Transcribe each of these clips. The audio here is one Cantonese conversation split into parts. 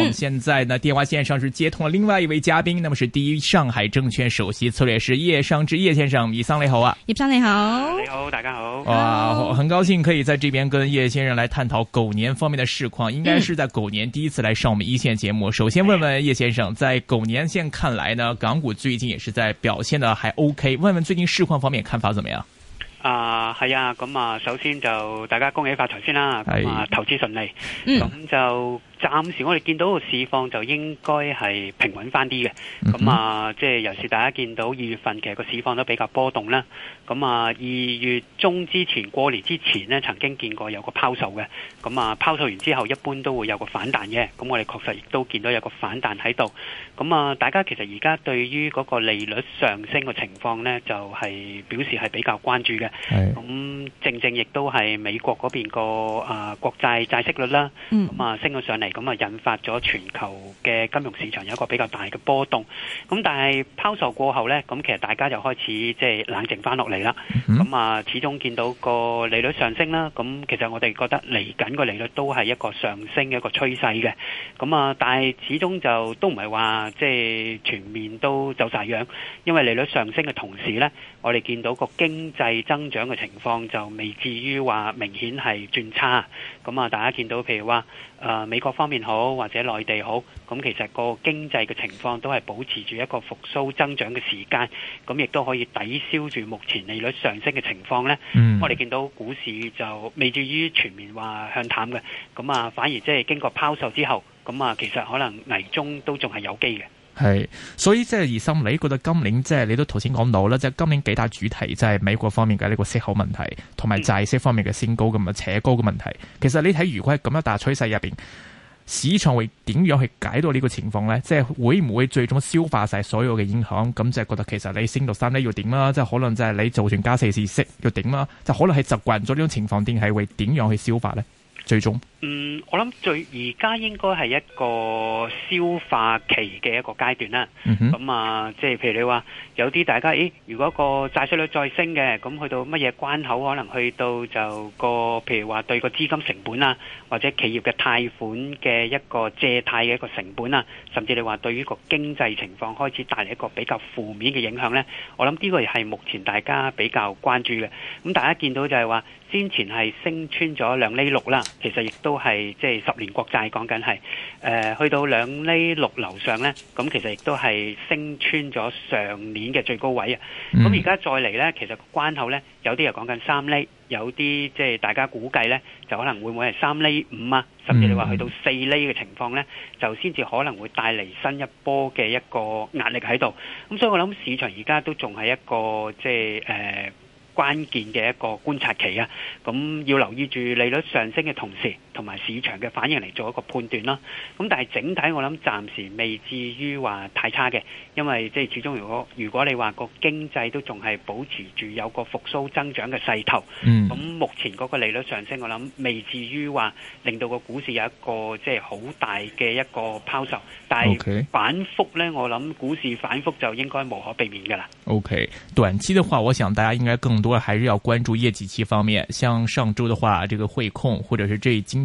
我們現在呢，電話線上是接通了另外一位嘉賓，那麼是第一上海證券首席策略師葉尚志葉先生，葉生你好啊！葉生你好，你好，大家好啊！很高興可以在這邊跟葉先生來探討狗年方面的市況，應該是在狗年第一次來上我們一線節目。首先問問葉先生，在狗年現看來呢，港股最近也是在表現的得還 OK，問問最近市況方面看法怎麼樣？啊，係啊，咁啊，首先就大家恭喜發財先啦，咁啊，投資順利，咁就。暫時我哋見到個市況就應該係平穩翻啲嘅，咁啊、mm，即、hmm. 係、就是、尤其大家見到二月份其實個市況都比較波動啦，咁啊，二月中之前過年之前呢曾經見過有個拋售嘅，咁啊，拋售完之後一般都會有個反彈嘅，咁我哋確實亦都見到有個反彈喺度，咁啊，大家其實而家對於嗰個利率上升嘅情況呢，就係、是、表示係比較關注嘅，咁、mm hmm. 正正亦都係美國嗰邊個啊國債,債息率啦，咁啊升咗上嚟。咁啊，引發咗全球嘅金融市場有一個比較大嘅波動，咁但係拋售過後咧，咁其實大家就開始即係冷靜翻落嚟啦。咁啊，始終見到個利率上升啦。咁其實我哋覺得嚟緊個利率都係一個上升嘅一個趨勢嘅。咁啊，但係始終就都唔係話即係全面都走晒樣，因為利率上升嘅同時咧，我哋見到個經濟增長嘅情況就未至於話明顯係轉差。咁啊，大家見到譬如話誒美國方面好，或者內地好，咁其實個經濟嘅情況都係保持住一個復蘇增長嘅時間，咁亦都可以抵消住目前利率上升嘅情況呢、嗯、我哋見到股市就未至於全面話向淡嘅。咁啊，反而即係經過拋售之後，咁啊其實可能危中都仲係有機嘅。係，所以即係二心，你覺得今年即係你都頭先講到啦，即係今年幾大主題，即係美國方面嘅呢個息口問題，同埋債息方面嘅升高咁啊，嗯、扯高嘅問題。其實你睇，如果係咁樣大趨勢入邊，市場會點樣去解到呢個情況呢？即係會唔會最終消化曬所有嘅影響？咁就覺得其實你升到三呢要點啦？即係可能就係你做全加四次息，要點啦？就可能係習慣咗呢種情況，定係會點樣去消化呢？最終，嗯，我諗最而家應該係一個消化期嘅一個階段啦。咁、嗯、哼啊，即係譬如你話有啲大家，誒，如果個債息率再升嘅，咁去到乜嘢關口，可能去到就個譬如話對個資金成本啊，或者企業嘅貸款嘅一個借貸嘅一個成本啊，甚至你話對於個經濟情況開始帶嚟一個比較負面嘅影響呢。我諗呢個係目前大家比較關注嘅。咁大家見到就係話，先前係升穿咗兩厘六啦。其實亦都係即係十年國債講緊係，誒、呃、去到兩厘六樓上呢，咁其實亦都係升穿咗上年嘅最高位啊。咁而家再嚟呢，其實關口呢，有啲係講緊三厘，有啲即係大家估計呢，就可能會唔會係三厘五啊，甚至你話去到四厘嘅情況呢，就先至可能會帶嚟新一波嘅一個壓力喺度。咁所以我諗市場而家都仲係一個即係誒。呃關鍵嘅一個觀察期啊，咁要留意住利率上升嘅同時，同埋市場嘅反應嚟做一個判斷啦。咁但係整體我諗暫時未至於話太差嘅，因為即係始終如果如果你話個經濟都仲係保持住有個復甦增長嘅勢頭，咁、嗯、目前嗰個利率上升，我諗未至於話令到個股市有一個即係好大嘅一個拋售。但係反覆呢，Okay. 我諗股市反覆就應該無可避免㗎啦。OK，短期嘅話，我想大家應該更多還是要關注業績期方面。像上周嘅話，呢個匯控，或者是這經。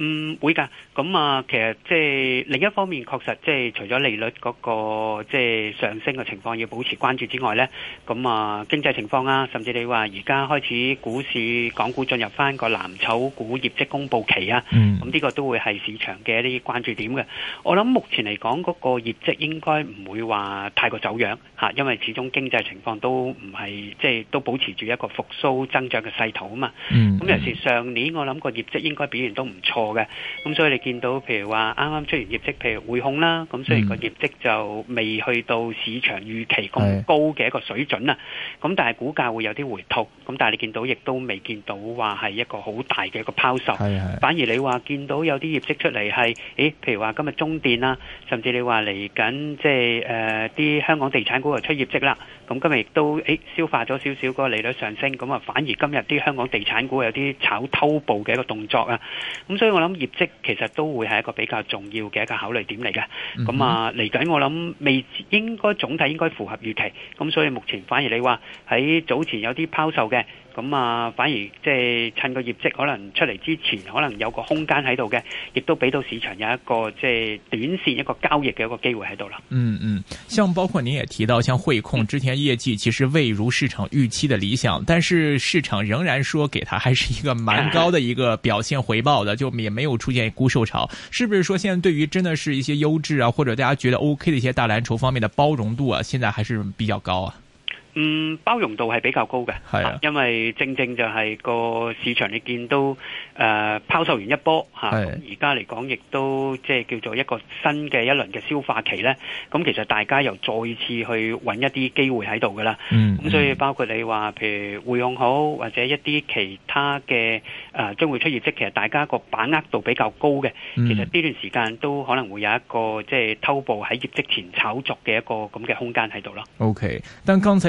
嗯，會㗎。咁、嗯、啊，其實即係另一方面，確實即係除咗利率嗰個即係上升嘅情況要保持關注之外咧，咁啊經濟情況啊，甚至你話而家開始股市港股進入翻個藍籌股業績公布期啊，咁呢、嗯、個都會係市場嘅一啲關注點嘅。我諗目前嚟講，嗰個業績應該唔會話太過走樣吓、啊，因為始終經濟情況都唔係即係都保持住一個復甦增長嘅勢頭啊嘛。咁、嗯嗯、尤其上年，我諗個業績應該表現都唔錯。嘅，咁、嗯、所以你見到譬如話啱啱出完業績，譬如匯控啦，咁雖然個業績就未去到市場預期咁高嘅一個水準啊，咁是但係股價會有啲回吐，咁但係你見到亦都未見到話係一個好大嘅一個拋售，是是反而你話見到有啲業績出嚟係，譬如話今日中電啦，甚至你話嚟緊即係啲香港地產股又出業績啦，咁今日亦都消化咗少少個利率上升，咁啊反而今日啲香港地產股有啲炒偷步嘅一個動作啊，咁所以我。我諗業績其實都會係一個比較重要嘅一個考慮點嚟嘅，咁啊嚟緊我諗未應該總體應該符合預期，咁所以目前反而你話喺早前有啲拋售嘅。咁啊，反而即係趁個業績可能出嚟之前，可能有個空間喺度嘅，亦都俾到市場有一個即係短線一個交易嘅一個機會喺度啦。嗯嗯，像包括您也提到，像匯控之前業績其實未如市場預期的理想，但是市場仍然說佢，它還是一個蠻高的一個表現回報的，就也沒有出現沽售潮。是不是說現在對於真的是一些優質啊，或者大家覺得 OK 的一些大藍籌方面的包容度啊，現在還是比較高啊？嗯，包容度係比較高嘅，係啊，因為正正就係個市場你見到誒、呃、拋售完一波吓，而家嚟講亦都即係叫做一個新嘅一輪嘅消化期咧。咁其實大家又再次去揾一啲機會喺度噶啦。咁、嗯、所以包括你話，譬如匯控好或者一啲其他嘅誒、呃、將會出業績，其實大家個把握度比較高嘅。嗯、其實呢段時間都可能會有一個即係偷步喺業績前炒作嘅一個咁嘅空間喺度咯。OK，但剛才。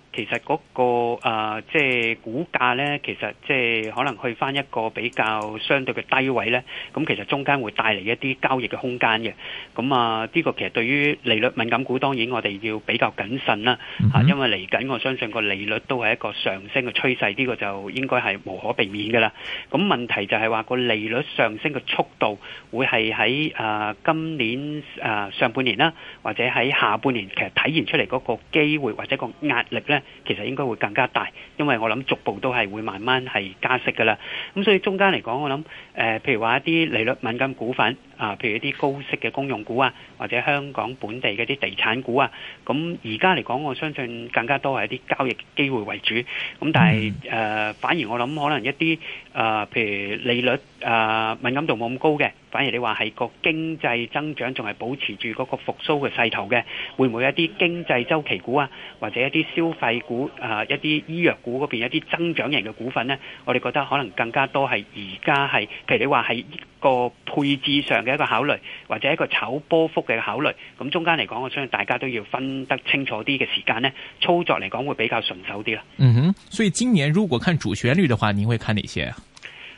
其實嗰、那個啊，即、呃、係、就是、股價呢，其實即係可能去返一個比較相對嘅低位呢。咁其實中間會帶嚟一啲交易嘅空間嘅。咁、嗯、啊，呢、這個其實對於利率敏感股，當然我哋要比較謹慎啦。嗯、哼因為嚟緊，我相信個利率都係一個上升嘅趨勢，呢、這個就應該係無可避免㗎喇。咁問題就係話個利率上升嘅速度，會係喺啊今年上半年啦，或者喺下半年，其實體現出嚟嗰個機會或者個壓力呢。其實應該會更加大，因為我諗逐步都係會慢慢係加息噶啦，咁所以中間嚟講，我諗誒、呃，譬如話一啲利率敏感股份。啊，譬如一啲高息嘅公用股啊，或者香港本地嘅啲地產股啊，咁而家嚟講我相信更加多係一啲交易機會為主。咁、啊、但係誒、呃、反而我諗可能一啲誒、呃、譬如利率誒、呃、敏感度冇咁高嘅，反而你話係個經濟增長仲係保持住嗰個復甦嘅勢頭嘅，會唔會一啲經濟周期股啊，或者一啲消費股啊，一啲醫藥股嗰邊一啲增長型嘅股份咧？我哋覺得可能更加多係而家係譬如你話係一個配置上嘅。一個考慮或者一個炒波幅嘅考慮，咁中間嚟講，我相信大家都要分得清楚啲嘅時間咧，操作嚟講會比較順手啲啦。嗯哼，所以今年如果看主旋律嘅話，你會看哪些啊？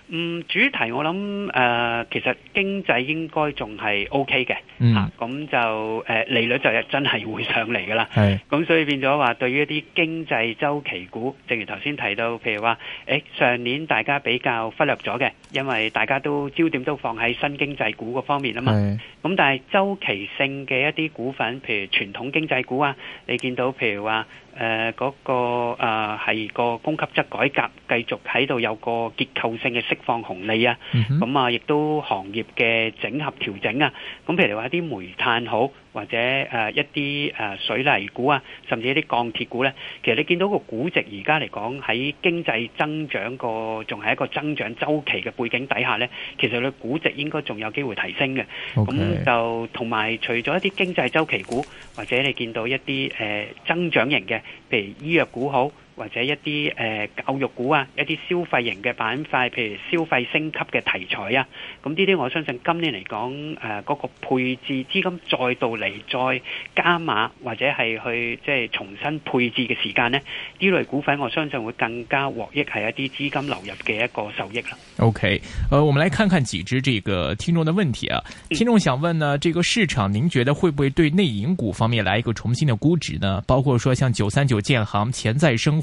嗯，主題我諗誒、呃，其實經濟應該仲係 OK 嘅，嚇、嗯，咁、啊、就誒、呃、利率就真係會上嚟噶啦。係是，咁所以變咗話，對於一啲經濟周期股，正如頭先提到，譬如話，誒上年大家比較忽略咗嘅，因為大家都焦點都放喺新經濟股嗰方面啊嘛。咁是但係周期性嘅一啲股份，譬如傳統經濟股啊，你見到譬如話。誒嗰、呃那個啊係、呃、個供給側改革繼續喺度有個結構性嘅釋放紅利啊，咁、嗯、哼啊亦都行業嘅整合調整啊，咁譬如話一啲煤炭好。或者誒一啲誒水泥股啊，甚至一啲鋼鐵股呢。其實你見到個估值而家嚟講喺經濟增長個仲係一個增長周期嘅背景底下呢，其實佢估值應該仲有機會提升嘅。咁 Okay. 就同埋除咗一啲經濟周期股，或者你見到一啲誒、呃、增長型嘅，譬如醫藥股好。或者一啲誒教育股啊，一啲消費型嘅板塊，譬如消費升級嘅題材啊，咁呢啲我相信今年嚟講誒、呃嗰個配置資金再度嚟再加碼，或者係去即係、就是、重新配置嘅時間咧，呢類股份我相信會更加獲益，係一啲資金流入嘅一個收益啦。OK，呃，我們來看看幾隻這個聽眾的問題啊。聽眾想問呢，這個市場您覺得會不會對內銀股方面來一個重新嘅估值呢？包括說像九三九建行、潛在生活。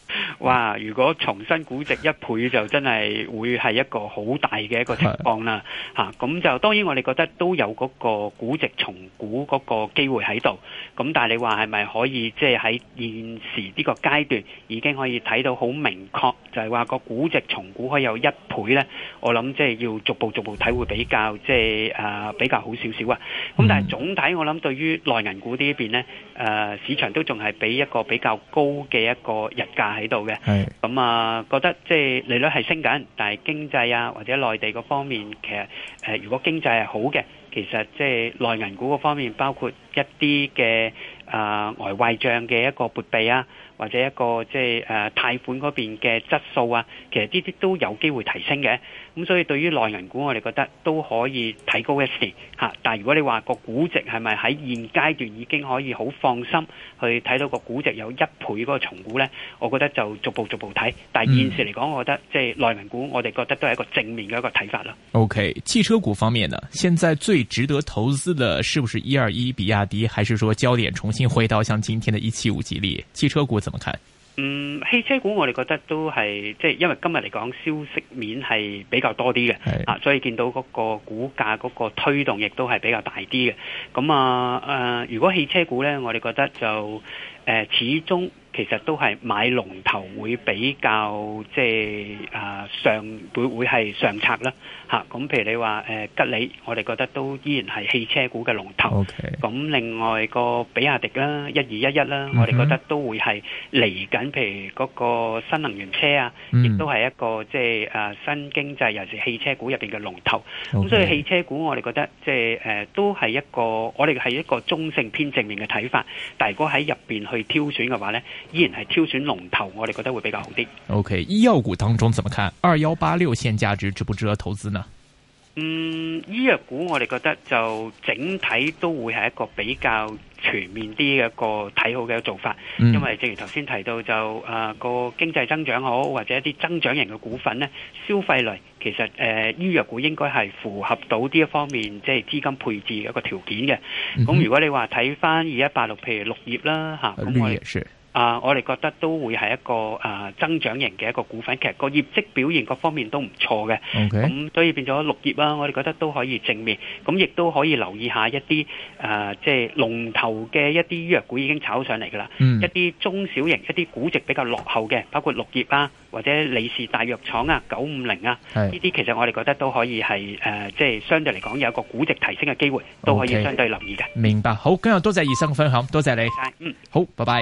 哇！如果重新估值一倍就真係會係一個好大嘅一個情況啦吓，咁、啊、就當然我哋覺得都有嗰個估值重估嗰個機會喺度，咁但係你話係咪可以即係喺現時呢個階段已經可以睇到好明確，就係話個估值重估可以有一倍呢？我諗即係要逐步逐步睇會比較即係、即係啊、比較好少少啊。咁、嗯、但係總體我諗對於內銀股呢邊呢、啊，市場都仲係俾一個比較高嘅一個日價喺度嘅。係，咁是啊，覺得即係利率係升緊，但係經濟啊，或者內地嗰方面，其實誒、呃，如果經濟係好嘅，其實即係內銀股嗰方面，包括一啲嘅誒外壞賬嘅一個撥備啊。或者一個即係誒貸款嗰邊嘅質素啊，其實呢啲都有機會提升嘅。咁、嗯、所以對於內銀股，我哋覺得都可以提高一啲嚇、啊。但係如果你話個估值係咪喺現階段已經可以好放心去睇到個估值有一倍嗰個重估呢，我覺得就逐步逐步睇。但係現時嚟講，嗯、我覺得即係內銀股，我哋覺得都係一個正面嘅一個睇法啦。OK，汽車股方面呢，現在最值得投資的，是不是一二一、比亞迪，還是說焦點重新回到像今天的一七五、吉利汽車股怎麼？嗯，汽車股我哋覺得都係，即係因為今日嚟講消息面係比較多啲嘅，是的 啊，所以見到嗰個股價嗰個推動亦都係比較大啲嘅。咁啊，誒、呃，如果汽車股咧，我哋覺得就誒、呃、始終。其實都係買龍頭會比較即係啊上會會係上策啦吓。咁譬如你話誒、呃、吉利，我哋覺得都依然係汽車股嘅龍頭。咁 Okay. 另外個比亞迪啦、一二一一啦，mm hmm. 我哋覺得都會係嚟緊，譬如嗰個新能源車啊，亦都係一個即係啊新經濟，尤其汽車股入面嘅龍頭。咁 Okay. 所以汽車股我哋覺得即係誒都係一個，我哋係一個中性偏正面嘅睇法。但如果喺入面去挑選嘅話咧，依然係挑選龍頭，我哋覺得會比較好啲。O、okay, K，醫藥股當中怎麼看？二幺八六現價值值不值得投資呢？嗯，醫藥股我哋覺得就整體都會係一個比較全面啲嘅一個睇好嘅做法，嗯、因為正如頭先提到就啊個經濟增長好或者一啲增長型嘅股份呢，消費類其實誒、呃、醫藥股應該係符合到呢一方面即係資金配置嘅一個條件嘅。咁、嗯、哼如果你話睇翻二一八六，譬如綠葉啦吓，咁我哋。啊！Uh, 我哋覺得都會係一個啊、呃、增長型嘅一個股份，其實個業績表現各方面都唔錯嘅。咁所以變咗綠葉啦，我哋覺得都可以正面。咁亦都可以留意一下一啲啊、呃，即係龍頭嘅一啲藥股已經炒上嚟噶啦。嗯、一啲中小型一啲估值比較落後嘅，包括綠葉啊，或者李氏大藥廠啊、九五零啊，呢啲是其實我哋覺得都可以係誒、呃，即係相對嚟講有一個估值提升嘅機會，都可以相對留意嘅。Okay. 明白，好，今日多謝醫生分享，多謝你。嗯，好，拜拜。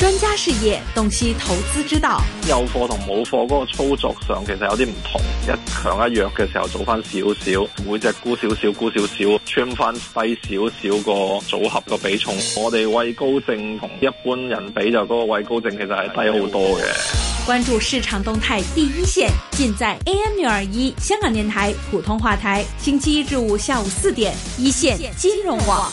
專家事業，洞悉投資之道。有貨同冇貨嗰個操作上，其實有啲唔同。一強一弱嘅時候，做翻少少，每隻沽少少，沽少少穿返低翻少少個組合個比重。我哋位高正同一般人比就嗰、這個位高正其實係低好多嘅。關注市場動態，第一綫盡在 AM 六二一香港電台普通話台，星期一至五下午四點，一綫金融網。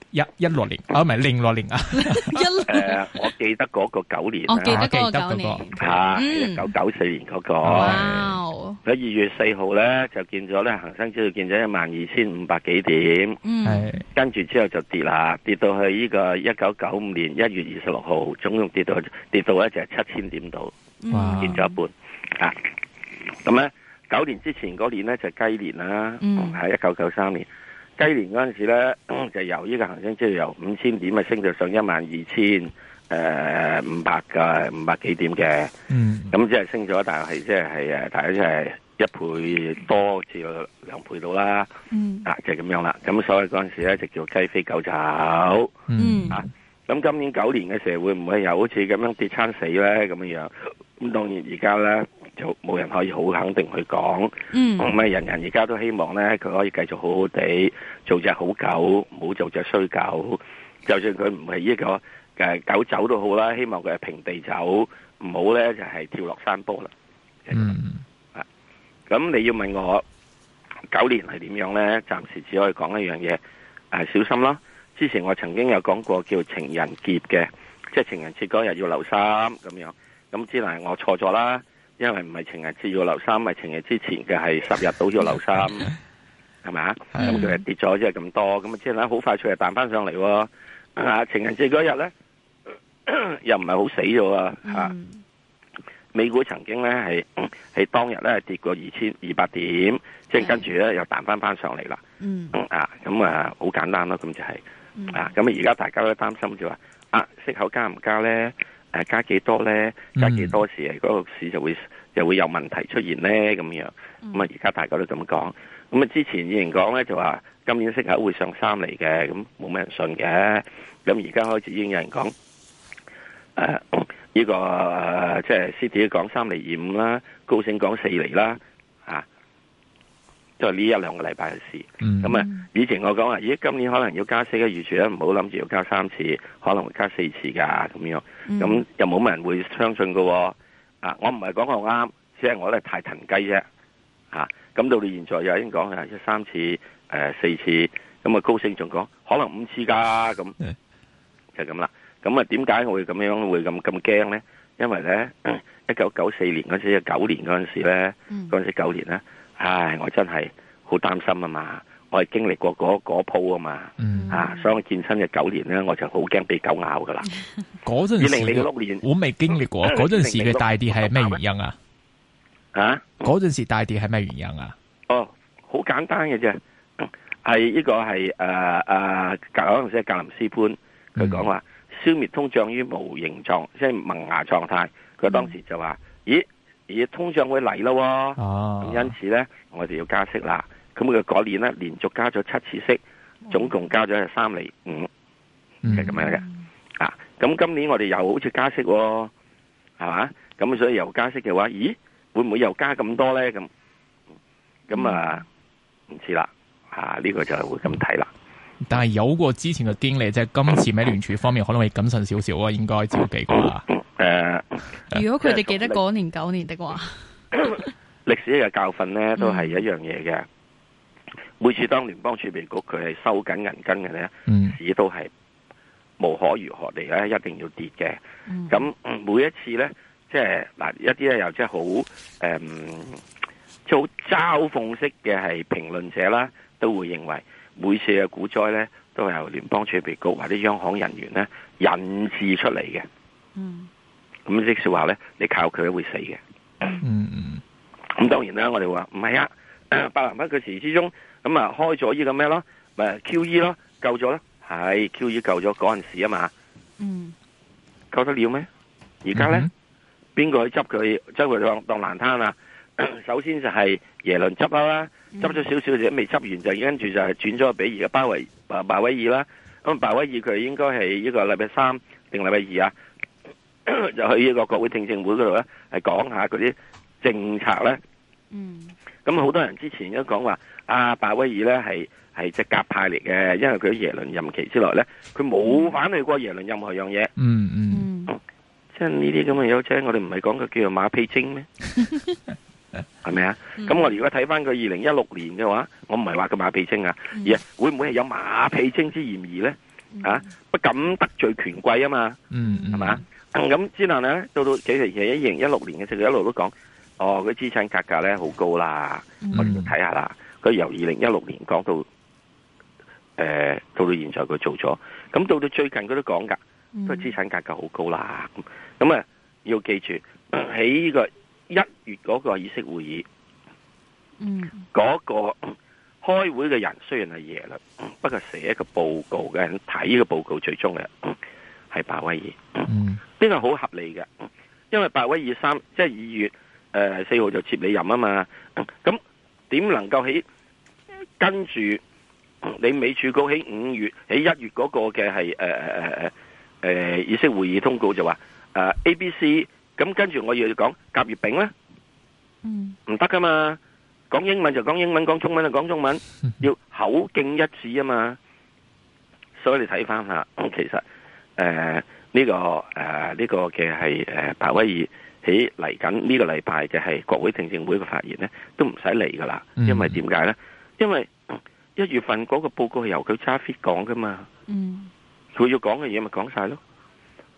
一一六年、哦、啊，唔係零六年啊，一誒，我記得嗰個九年，我、哦、記得嗰個一九九四年嗰、啊嗯那個，哇！喺二月四號咧就見咗咧，恒生指數見咗一萬二千五百幾點，嗯，跟住之後就跌啦，跌到去呢個一九九五年一月二十六號，總共跌到跌到咧就係七千點度，哇，跌咗一半啊！咁咧九年之前嗰年咧就雞年啦，嗯，係一九九三年。雞年嗰陣時咧，就是、由呢個行星，即係由五千點啊升到上一萬二千誒五百嘅五百幾點嘅，咁即係升咗、就是，但係即係大家即係一倍多至兩倍到啦，嗯、啊，就係、是、咁樣啦。咁所以嗰陣時咧就叫雞飛狗走、嗯、啊。咁今年九年嘅時候會唔會又好似咁樣跌親死咧咁樣樣？咁當然而家咧，就冇人可以好肯定去講，咁咪、嗯、人人而家都希望咧，佢可以繼續好好地做隻好狗，唔好做隻衰狗。就算佢唔係呢個誒狗走都好啦，希望佢係平地走，唔好咧就係、是、跳落山坡啦。嗯，咁你要問我九年係點樣咧？暫時只可以講一樣嘢，誒、呃、小心啦。之前我曾經有講過叫情人劫嘅，即係情人節嗰日要留心咁樣，咁之難我錯咗啦。因為唔係情人節要留心，咪情人節之前嘅係十日都要留心，係咪、就是、啊？咁佢係跌咗即係咁多，咁啊即係咧好快脆又彈翻上嚟喎。啊情人節嗰日咧又唔係好死咗、mm hmm. 啊！美股曾經咧係係當日咧跌過二千二百點，即係、mm hmm. 跟住咧又彈翻翻上嚟啦。Mm hmm. 啊，咁啊好簡單咯，咁就係、是 mm hmm. 啊。咁啊而家大家都擔心就話啊息口加唔加咧？誒加幾多咧？加幾多時，嗰、那個市就會就會有問題出現咧咁樣。咁啊，而家大家都咁講。咁啊，之前已經講咧就話今年息口會上三厘嘅，咁冇咩人信嘅。咁而家開始已經有人講誒，依、呃這個、呃、即係 City 講講三厘二五啦，高盛講四厘啦，這兩就呢一兩個禮拜嘅事，咁啊、嗯，以前我講啊，咦，今年可能要加息嘅預期咧，唔好諗住要加三次，可能會加四次噶，咁樣、嗯、樣，咁又冇乜人會相信噶、哦，啊，我唔係講我啱，只係我都太騰雞啫，吓，咁到到現在又已經講一三次，誒、呃，四次，咁啊高盛仲講可能五次噶，咁、哎、就咁啦，咁啊，點解我會咁樣會咁咁驚咧？因為咧，一九九四年嗰陣時，九年嗰陣時咧，陣、嗯、時九年咧。唉，我真係好擔心啊嘛！我係經歷過嗰嗰鋪啊嘛，啊，所以我健身嘅九年咧，我就好驚被狗咬噶啦。嗰陣時我未經歷過，嗰陣時嘅大跌係咩原因啊？啊，嗰陣時大跌係咩原因啊？哦，好簡單嘅啫，係呢個係誒誒格，可能即係格林斯潘佢講話消滅通脹於無形狀，即係萌芽狀態。佢當時就話：咦？通常會嚟咯，咁因此咧，我哋要加息啦。咁佢嗰年咧連續加咗七次息，總共加咗係三厘五，係咁樣嘅。啊，咁今年我哋又好似加息，哦，係嘛？咁所以又加息嘅話，咦，會唔會又加咁多咧？咁，咁啊，唔知啦。吓，啊，呢，這個就係會咁睇啦。但係有過之前嘅經歷，即係今次喺聯儲方面，可能會謹慎少少啊，應該照幾個過誒，呃呃、如果佢哋記得嗰年九年、呃、的話，歷史嘅教訓咧，都係一樣嘢嘅。每次當聯邦儲備局佢係收緊銀根嘅咧，市、嗯、都係無可如何嚟咧，一定要跌嘅。咁、嗯、每一次咧，即係嗱，一啲咧又即係好誒，做、嗯、嘲諷式嘅係評論者啦，都會認為。每次嘅股災咧，都係由聯邦儲備局或者央行人員咧引致出嚟嘅。嗯，咁即係話咧，你靠佢會死嘅。嗯咁當然啦，我哋話唔係啊，呃、百零蚊佢時之中，咁、嗯、啊開咗呢個咩咯，咪 QE 咯，救咗啦，係 QE 救咗嗰陣時啊嘛。嗯，救得了咩？而家咧，邊個、嗯、哼去執佢？執佢當當爛攤啊！首先就係耶倫執啦，執咗少少，而未執完著就跟住就係轉咗俾而家鮑威鮑威爾啦。咁鮑威爾佢應該係呢個禮拜三定禮拜二啊，就去呢個國會聽證會嗰度咧，係講下嗰啲政策咧。嗯。咁好多人之前都講話阿鮑威爾咧係係即鴿派嚟嘅，因為佢喺耶倫任期之內咧，佢冇反對過耶倫任何樣嘢，嗯。嗯嗯。嗯即係呢啲咁嘅有請，我哋唔係講佢叫做馬屁精咩？ 係咪啊？咁我哋如果睇翻佢二零一六年嘅話，我唔係話佢馬屁精啊，而會唔會係有馬屁精之嫌疑咧？啊，不敢得罪權貴啊嘛，係咪？咁之後咧，到到其實其實二零一六年嘅時佢一路都講，哦，佢資產價格咧好高啦，我哋要睇下啦。佢由二零一六年講到，誒，到到現在佢做咗，咁到到最近佢都講噶，都係資產價格好高啦。咁咁啊，要記住喺呢個。一月嗰個議息會議，嗯，嗰個開會嘅人雖然係耶律，不過寫個報告嘅人睇呢個報告最終嘅係鮑威爾，呢個好合理嘅，因為鮑威爾三即係二月誒四號就接你任啊嘛，咁點能夠喺跟住你美處高起五月喺一月嗰個嘅係誒誒誒誒誒議息會議通告就話誒 A B C。呃 ABC。咁跟住我要講甲乙丙咧，嗯，唔得噶嘛！講英文就講英文，講中文就講中文，要口徑一致啊嘛！所以你睇翻下，其實誒呢個誒呢個嘅係誒鮑威爾喺嚟緊呢個禮拜就係國會聽證會嘅發言咧，都唔使嚟噶啦，因為點解咧？因為一月份嗰個報告係由佢揸 fit 講噶嘛，嗯，佢要講嘅嘢咪講晒咯，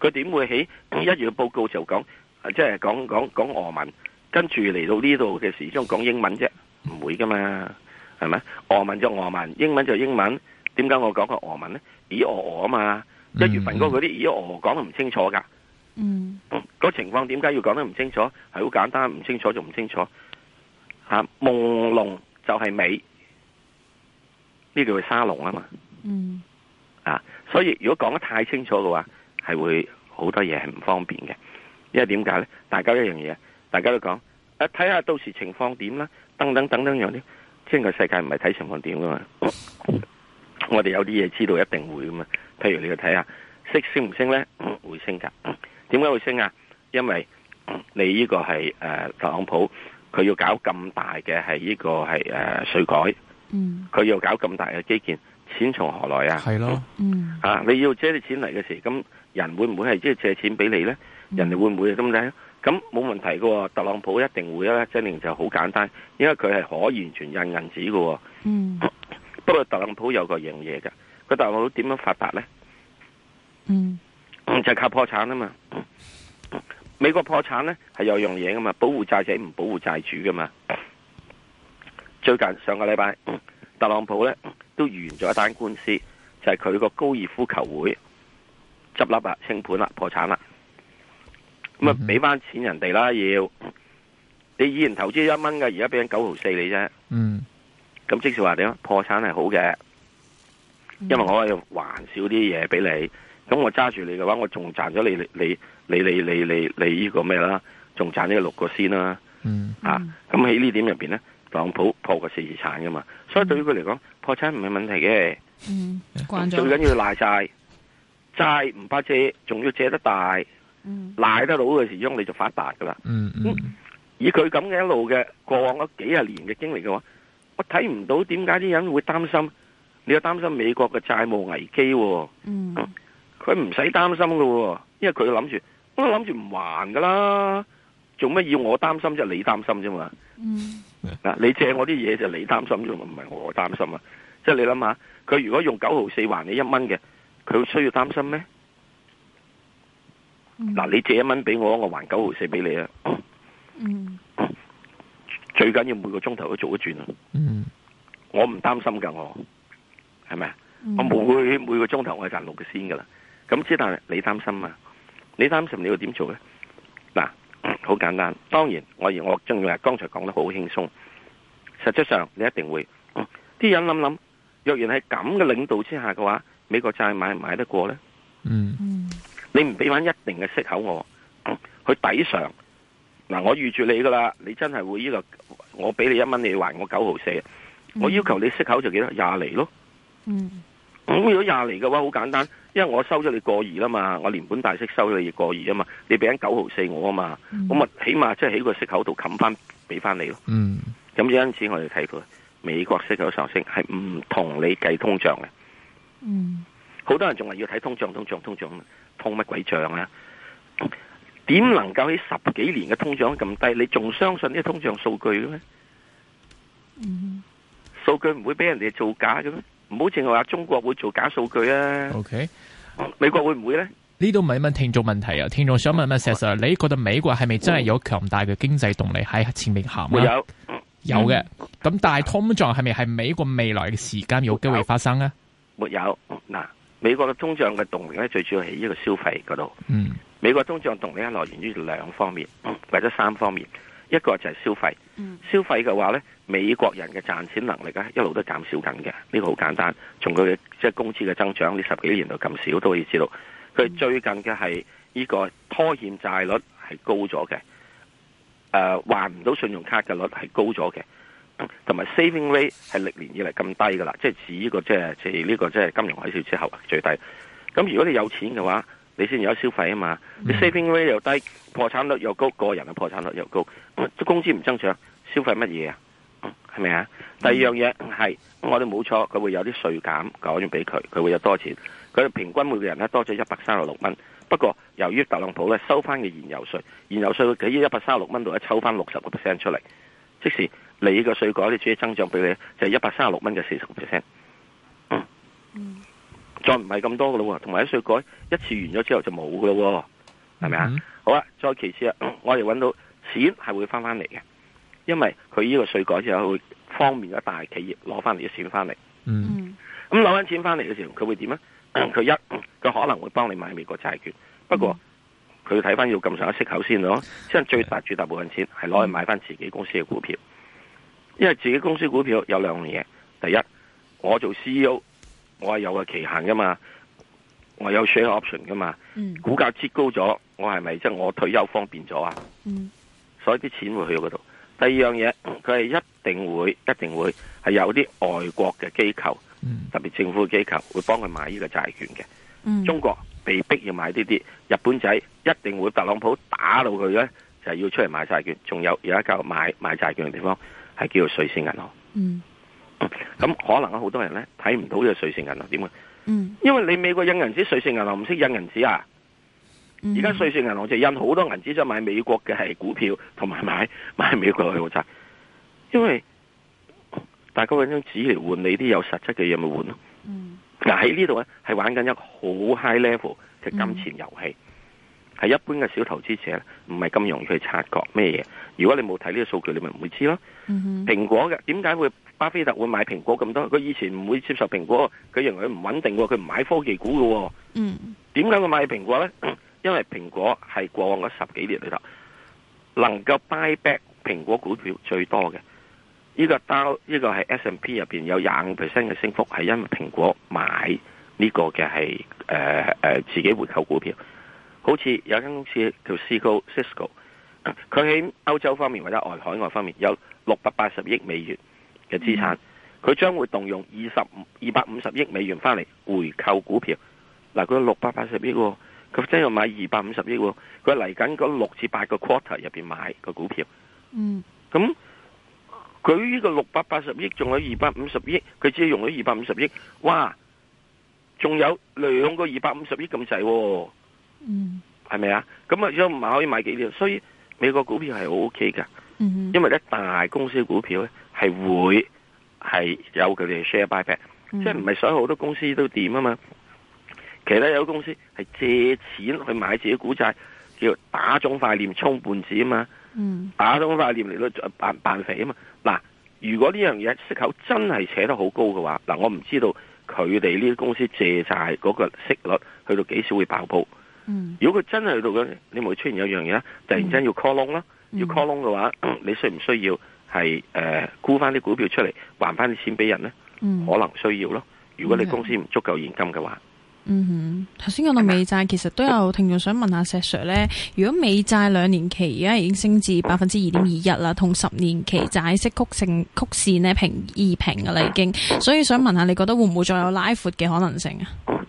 佢點會喺一月嘅報告就講？即係講講講俄文，跟住嚟到呢度嘅時，中講英文啫，唔會噶嘛，係咪？俄文就俄文，英文就英文。點解我講個俄文咧？咦俄俄、嗯嗯那個、啊，啊嘛，一月份嗰嗰啲咦俄俄講得唔清楚噶。嗯，嗰情況，點解要講得唔清楚？係好簡單，唔清楚就唔清楚。吓朦朧就係美，呢叫做沙龍啊嘛。嗯。啊，所以如果講得太清楚嘅話，係會好多嘢係唔方便嘅。因為點解咧？大家一樣嘢，大家都講，誒，睇、啊、下到時情況點啦，等等等等樣啲，整個世界唔係睇情況點噶嘛？我哋有啲嘢知道一定會噶嘛？譬如你要睇下升升唔升咧，會升噶。點解會升啊？因為你呢個係誒特朗普，佢要搞咁大嘅係呢個係誒稅改，嗯，佢要搞咁大嘅基建，錢從何來啊？係咯的，嗯、啊，吓你要借啲錢嚟嘅時候，咁人會唔會係即係借錢俾你咧？人哋會唔會咁咧？咁冇問題嘅喎，特朗普一定會啊。Jenny 就好簡單，因為佢係可完全印銀紙嘅。嗯。不過特朗普有個樣嘢嘅，佢特朗普點樣發達呢？嗯。就係靠破產啊嘛！美國破產呢係有樣嘢嘅嘛，保護債仔唔保護債主嘅嘛。最近上個禮拜，特朗普呢都完咗一單官司，就係佢個高爾夫球會執笠啊、清盤啦、破產啦。咁啊，俾翻錢人哋啦，要你以前投資一蚊嘅，而家俾緊九毫四你啫。嗯，咁即使話點破產係好嘅，因為我可以還少啲嘢俾你。咁我揸住你嘅話，我仲賺咗你你你你你你你呢個咩啦？仲賺咗六個先啦、啊嗯啊。嗯，吓咁喺呢點入邊咧，特朗普破個四次產噶嘛，所以對於佢嚟講，破產唔係問題嘅。嗯，關那了最緊要賴債，債唔怕借，仲要借得大。賴得到嘅時鐘，你就發達噶啦，嗯，以佢咁嘅一路嘅過往嗰幾廿年嘅經歷嘅話，我睇唔到點解啲人會擔心，你又擔心美國嘅債務危機，啊，佢唔使擔心喎，啊，因為佢諗住，我諗住唔還噶啦，做乜要我擔心即係、你擔心啫嘛？嗱，嗯，你借我啲嘢就係、你擔心啫嘛，唔係我擔心啊！即係 你諗下，佢如果用九毫四還你一蚊嘅，佢需要擔心咩？嗱，嗯、你借一蚊俾我，我還九毫四俾你啊！嗯，最緊要每個鐘頭都做一轉啊！嗯，我唔擔心噶，我係咪啊？我每每個鐘頭我賺六嘅先噶啦，咁之但係你擔心啊？你擔心你要點做咧？嗱，好簡單，當然我而我正如剛才講得好輕鬆，實質上你一定會啲、嗯、人諗諗，若然係咁嘅領導之下嘅話，美國債買唔買得過咧？嗯。嗯你唔俾翻一定嘅息口，我、嗯、去抵償嗱，我預住你噶啦，你真係會呢、呢個，我俾你一蚊，你要還我九毫四，嗯、我要求你息口就幾多廿厘咯。嗯，咁如果廿厘嘅話，好簡單，因為我收咗你過二啦嘛，我連本大息收咗你過二啊嘛，你俾緊九毫四我啊嘛，咁咪、嗯、起碼即係喺個息口度冚翻俾翻你咯。嗯，咁因此我哋睇佢美國息口上升係唔同你計通脹嘅。嗯，好多人仲係要睇通脹，通脹，通脹。通乜鬼賬咧、啊？點能夠喺十幾年嘅通脹咁低？你仲相信呢個通脹數據嘅咩？數據唔會俾人哋造假嘅咩？唔好淨係話中國會造假數據啊！OK，美國會唔會咧？呢度咪問聽眾問題啊！聽眾想問咩？Sir，你覺得美國係咪真係有強大嘅經濟動力喺前面行啊？有，有嘅。咁、嗯、但係通脹係咪係美國未來嘅時間有機會發生咧？沒有，嗱。美國嘅通脹嘅動力咧，最主要係呢個消費嗰度。嗯、美國通脹動力啊，來源於兩方面，或者三方面。一個就係消費，嗯、消費嘅話咧，美國人嘅賺錢能力咧，一路都減少緊嘅。呢個好簡單，從佢嘅即係工資嘅增長呢十幾年度咁少，都可以知道。佢最近嘅係呢個拖欠債率係高咗嘅，誒、呃，還唔到信用卡嘅率係高咗嘅。同埋 saving rate 係歷年以嚟咁低噶啦，即係指呢個即係即係呢個即係金融海嘯之後最低。咁如果你有錢嘅話，你先有消費啊嘛。你 saving rate 又低，破產率又高，個人嘅破產率又高，工資唔增長，消費乜嘢啊？係咪啊？嗯、第二樣嘢係我哋冇錯，佢會有啲稅減搞咗俾佢，佢會有多錢。佢平均每個人咧多咗一百三十六蚊。不過由於特朗普咧收翻嘅燃油稅，燃油稅喺一百三十六蚊度咧抽翻六十個 percent 出嚟，即時。你個稅改你自己增長俾你就係一百三十六蚊嘅四十五 percent，再唔係咁多噶啦，同埋啲稅改一次完咗之後就冇噶啦，係咪啊？嗯、好啊，再其次啊、嗯，我哋揾到錢係會翻翻嚟嘅，因為佢呢個稅改之後會方便咗大企業攞翻嚟嘅錢翻嚟，咁攞翻錢翻嚟嘅時候佢會點啊？佢、嗯、一佢可能會幫你買美國債券，不過佢睇翻要咁上下息口先咯，即係最大絕大部分錢係攞去買翻自己公司嘅股票。因為自己公司股票有兩樣嘢，第一，我做 CEO，我係有個期限噶嘛，我有 share option 噶嘛，嗯、股價折高咗，我係咪即係我退休方便咗啊？嗯、所以啲錢會去到嗰度。第二樣嘢，佢係一定會，一定會係有啲外國嘅機構，嗯、特別政府嘅機構會幫佢買呢個債券嘅。嗯、中國被逼要買呢啲，日本仔一定會特朗普打到佢咧，就係、是、要出嚟買債券，仲有有一嚿買買債券嘅地方。係叫做瑞士銀行，嗯，咁可能好多人咧睇唔到呢個瑞士銀行點啊？嗯，因為你美國印銀紙，瑞士銀行唔識印銀紙啊！而家，嗯、瑞士銀行就印好多銀紙，就買美國嘅係股票，同埋買買美國嘅股債，因為大家用張紙嚟換你啲有實質嘅嘢咪換咯？嗯，嗱喺呢度咧係玩緊一個好 high level 嘅金錢遊戲。嗯嗯係一般嘅小投資者，唔係咁容易去察覺咩嘢。如果你冇睇呢個數據，你咪唔會知咯。Mm hmm. 蘋果嘅點解會巴菲特會買蘋果咁多？佢以前唔會接受蘋果，佢認為佢唔穩定喎，佢唔買科技股嘅喎、哦。點解佢買蘋果咧？因為蘋果係過往嘅十幾年裏頭能夠 buy back 蘋果股票最多嘅。依、這個包呢個係 S&P 入邊有廿五 percent 嘅升幅，係因為蘋果買呢個嘅係誒誒自己回購股票。好似有間公司叫 isco, Cisco，佢喺歐洲方面或者外海外方面有六百八十億美元嘅資產，佢將、嗯、會動用二十二百五十億美元翻嚟回購股票。嗱、哦，佢六百八十億，佢真係要買二百五十億，佢嚟緊嗰六至八個 quarter 入邊買個股票。嗯，咁佢呢個六百八十億仲有二百五十億，佢只係用咗二百五十億，哇，仲有兩個二百五十億咁滯。是嗯，係咪啊？咁啊，如果唔係可以買幾條，所以美國股票係好 OK 噶。因為咧大公司嘅股票咧係會係有佢哋 share buy back，即係唔、嗯、係所有好多公司都點啊嘛？其實有公司係借錢去買自己的股債，叫打腫塊臉充胖子啊嘛打塊辦。打腫塊臉嚟到扮扮肥啊嘛。嗱，如果呢樣嘢息口真係扯得好高嘅話，嗱，我唔知道佢哋呢啲公司借債嗰個息率去到幾時會爆煲。嗯、如果佢真係去到咁，你咪出現一樣嘢啦，突然間要 call 窿啦、嗯，嗯、要 call 窿嘅話，你需唔需要係誒、呃、沽翻啲股票出嚟，還翻啲錢俾人呢？嗯、可能需要咯。如果你公司唔足夠現金嘅話，嗯哼，頭先講到美債，嗎其實都有聽眾想問下石 Sir 呢：如果美債兩年期而家已經升至百分之二點二一啦，同十年期債息曲線曲線呢平二平噶啦已經，所以想問下你覺得會唔會再有拉闊嘅可能性啊？誒、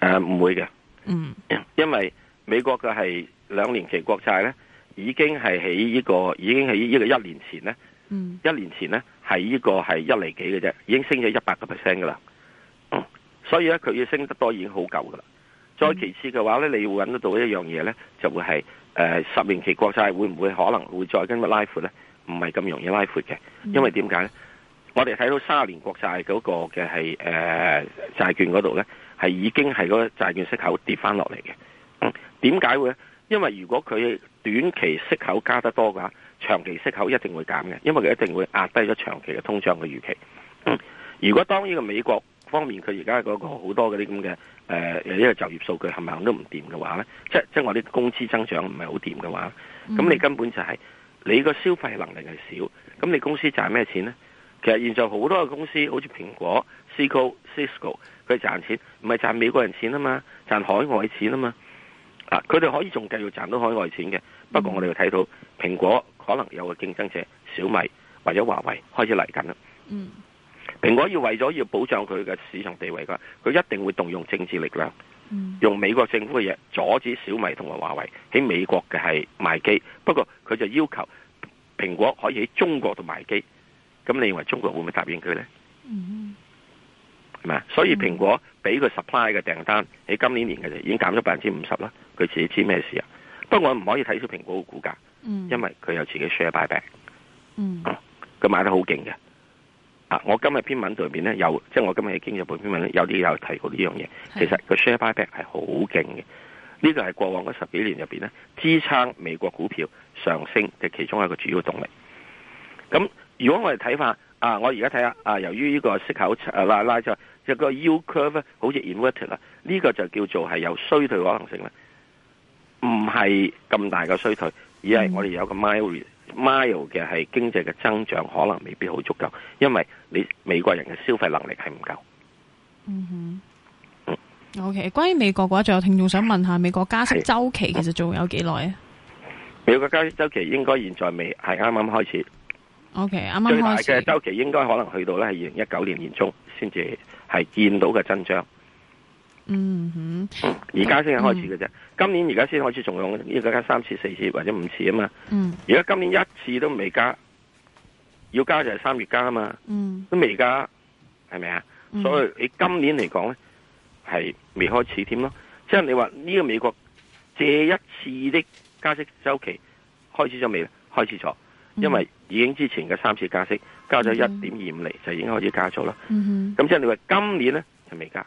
呃，唔會嘅。嗯，因為美國嘅係兩年期國債咧，已經係喺呢個，已經喺呢個一年前咧，嗯、一年前咧係呢個係一厘幾嘅啫，已經升咗一百個 percent 噶啦。所以咧，佢要升得多已經好舊噶啦。嗯、再其次嘅話咧，你要搵得到一樣嘢咧，就會係誒、呃、十年期國債會唔會可能會再跟拉闊咧？唔係咁容易拉闊嘅，因為點解咧？嗯、我哋睇到卅年國債嗰個嘅係誒債券嗰度咧。係已經係個債券息口跌翻落嚟嘅，點解會呢？因為如果佢短期息口加得多嘅話，長期息口一定會減嘅，因為佢一定會壓低咗長期嘅通脹嘅預期、嗯。如果當呢個美國方面佢而家個好多嗰啲咁嘅誒誒，呢個就業數據冚唪唥都唔掂嘅話咧？即係即係我啲工資增長唔係好掂嘅話呢，咁你根本就係你個消費能力係少，咁你公司賺咩錢咧？其實現在好多嘅公司，好似蘋果。Cisco, Cisco、Cisco 佢賺錢唔係賺美國人錢啊嘛，賺海外錢啊嘛。啊，佢哋可以仲繼續賺到海外錢嘅。不過我哋會睇到蘋果可能有個競爭者，小米或者華為開始嚟緊啦。嗯，蘋果要為咗要保障佢嘅市場地位噶，佢一定會動用政治力量，用美國政府嘅嘢阻止小米同埋華為喺美國嘅係賣機。不過佢就要求蘋果可以喺中國度賣機。咁你認為中國會唔會答應佢呢？嗯。所以蘋果俾佢 supply 嘅訂單喺今年年嘅就已經減咗百分之五十啦。佢自己知咩事啊？不過我唔可以睇少蘋果嘅股價，因為佢有自己 share buy back。佢買得好勁嘅。啊，我今日篇文入邊呢，有即係我今日嘅經濟報篇文有啲有提過呢樣嘢。其實個 share buy back 係好勁嘅，呢個係過往嗰十幾年入邊呢，支撐美國股票上升嘅其中一個主要動力。咁如果我哋睇翻啊，我而家睇下啊，由於呢個息口拉拉一個 U curve 好似 inverted 啦，呢個就叫做係有衰退可能性咧，唔係咁大嘅衰退，而係我哋有個 mile mile 嘅係經濟嘅增長可能未必好足夠，因為你美國人嘅消費能力係唔夠。Mm hmm. 嗯哼，OK 關於美國嘅話，仲有聽眾想問下，美國加息週期其實仲有幾耐啊？美國加息週期應該現在未係啱啱開始。OK，啱啱開始。最大嘅週期應該可能去到咧係二零一九年年中。先至係見到嘅增長，嗯哼、mm，而家先係開始嘅啫。Mm hmm. 今年而家先開始，仲用呢個加三次、四次或者五次啊嘛。嗯、mm，而、hmm. 家今年一次都未加，要加就係三月加啊嘛。嗯、mm，hmm. 都未加，係咪啊？Mm hmm. 所以你今年嚟講咧，係未、mm hmm. 開始添咯。即、就、係、是、你話呢個美國借一次的加息周期開始咗未？開始咗。因為已經之前嘅三次加息，加咗一點二五厘，就已經開始加速啦。咁即係你話今年呢？就未加。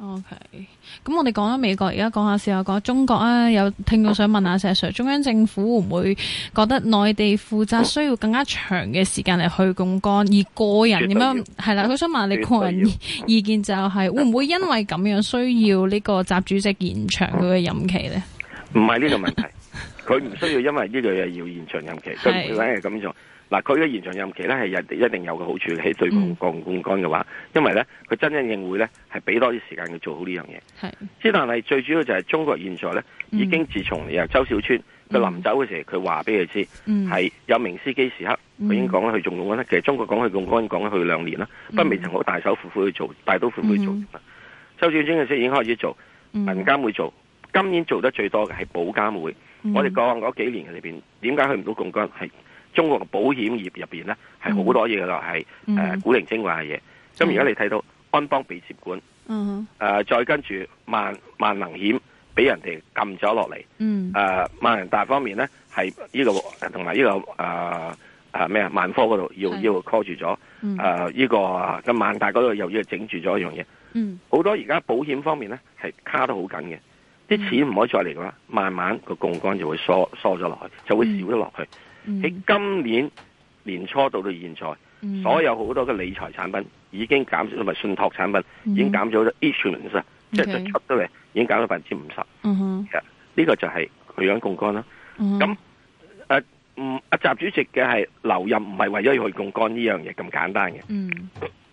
O K。咁我哋講咗美國，而家講一下試下講中國啊。有聽到想問葉 Sir，中央政府會唔會覺得內地負責需要更加長嘅時間嚟去槓桿？而個人點樣係啦，佢想問你個人意見就係會唔會因為咁樣需要呢個習主席延長佢嘅任期呢？唔係呢個問題。 佢唔需要因為呢類嘢要延長任期，佢唔會咁做。嗱，佢嘅延長任期咧係一定有個好處，喺對抗槓桿嘅話，因為咧，佢真正應會咧係俾多啲時間佢做好呢樣嘢。係，之但係最主要就係中國現在咧已經自從由周小川佢臨走嘅時候，佢話俾佢知係有明斯基時刻，佢已經講咗，去槓桿。其實中國講去槓桿講咗佢兩年啦，不未曾好大手闊闊去做，大刀闊斧去做。周小川嘅時已經開始做，民監會做，今年做得最多嘅係保監會。我哋講嗰幾年嘅裏邊，點解去唔到共軍？係中國嘅保險業入邊咧，係好多嘢㗎喇，係誒、嗯哼呃、古靈精怪嘅嘢。咁而家你睇到安邦被接管，誒、嗯哼呃，再跟住萬萬能險俾人哋撳咗落嚟，誒、嗯，萬、呃、人大方面咧係呢、這個同埋呢個誒誒咩啊？萬、呃、科嗰度要的要 call 住咗，誒、嗯，呢、呃這個咁萬大嗰度又要整住咗一樣嘢，好、嗯、多而家保險方面咧係卡得好緊嘅。啲、mm hmm. 錢唔可以再嚟㗎喇，慢慢個槓桿就會疏疏咗落去，就會少咗落去。喺、mm hmm. 今年年初到到現在，mm hmm. 所有好多嘅理財產品已經減少，同埋信託產品已經減少咗，even 五十，mm hmm. 即係就出咗嚟，Okay. 已經減咗百分之五十。呢、mm hmm. yeah, 個就係佢養槓桿啦。咁誒、mm，嗯、hmm.，阿、啊、習、啊、主席嘅係留任唔係為咗要去槓桿呢樣嘢咁簡單嘅，嗯、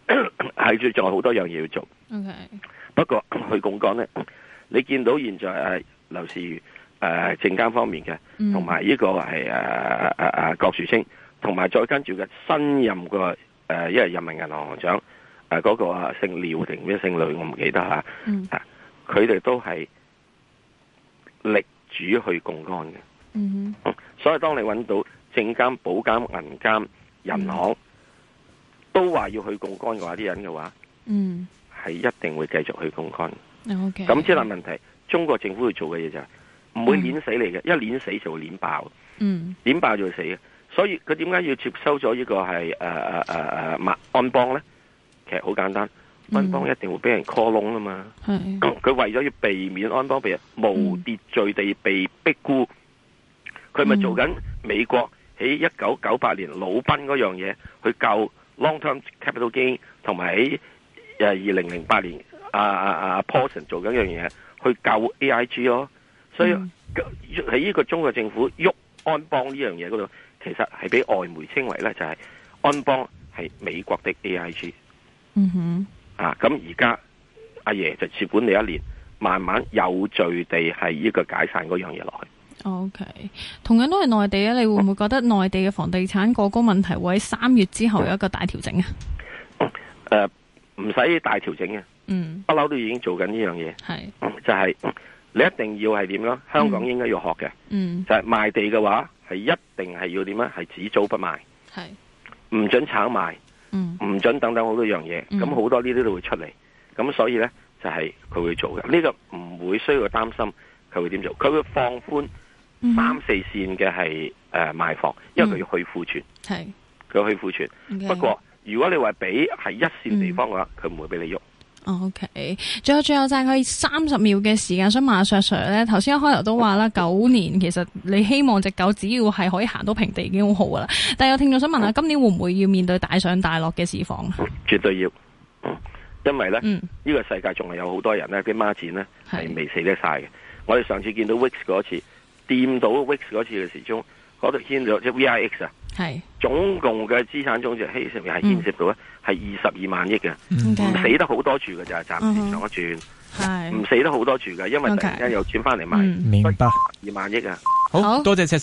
mm，係要仲有好多樣嘢要做。Okay. 不過去槓桿咧。你見到現在誒，劉士餘誒，證監方面嘅，同埋呢個係誒誒誒郭樹清，同埋再跟住嘅新任個誒，因為人民銀行行長誒嗰、呃那個啊姓廖定咩姓呂我唔記得吓。嗯。啊，佢哋都係力主去槓桿嘅。嗯哼，所以當你揾到證監、保監、銀監、銀行、嗯、都話要去槓桿嘅話，啲人嘅話，嗯，係一定會繼續去槓桿。咁呢難問題，中國政府要做嘅嘢就係唔會碾死你嘅，嗯、一碾死就會碾爆，碾、嗯、爆就會死嘅。所以佢點解要接收咗呢個係誒誒誒誒麥安邦咧？其實好簡單，安邦一定會俾人 call 窿啊嘛。咁佢、嗯、為咗要避免安邦被人無秩序地被逼沽，佢咪、嗯、做緊美國喺一九九八年老賓嗰樣嘢去救 Long Term Capital Gain，同埋喺誒二零零八年。阿阿阿阿 Paulson 做緊一樣嘢去救 A I G 咯，哦，所以喺呢、嗯、個中國政府喐安邦呢樣嘢嗰度，其實係俾外媒稱為咧就係安邦係美國的 A I G。嗯哼，啊，咁而家阿爺就接管你一年，慢慢有序地係呢個解散嗰樣嘢落去。O、okay, K，同樣都係內地啊，你會唔會覺得內地嘅房地產過高問題會喺三月之後有一個大調整啊？誒、嗯，唔、嗯、使、呃、大調整嘅。嗯，不嬲都已經做緊呢樣嘢，係就係你一定要係點咯？香港應該要學嘅，就係賣地嘅話係一定係要點啊？係只租不賣，係唔准炒賣，唔准等等好多樣嘢。咁好多呢啲都會出嚟，咁所以咧就係佢會做嘅。呢個唔會需要擔心佢會點做，佢會放寬三四綫嘅係誒賣房，因為佢要去庫存，佢要去庫存。不過如果你話俾係一綫地方嘅話，佢唔會俾你喐。o、okay, k 最後最後就係三十秒嘅時間，想問阿 Sir 咧，頭先一開頭都話啦， 九年其實你希望隻狗只要係可以行到平地已經好好噶啦，但係有聽眾想問下，今年會唔會要面對大上大落嘅市況？絕對要，因為咧，呢、嗯、個世界仲係有好多人咧，啲孖錢咧係未死得晒嘅。我哋上次見到 VIX 嗰次掂到 VIX 嗰次嘅時鐘，嗰、那、度、個、牽咗隻 VIX 啊。係是總共嘅資產總值，希慎係牽涉到咧，係二十二萬億嘅，唔死得好多處嘅就係暫時上一轉，係唔、嗯嗯、死得好多處嘅，因為突然間又轉翻嚟賣，嗯、明白二萬億啊，好多謝謝。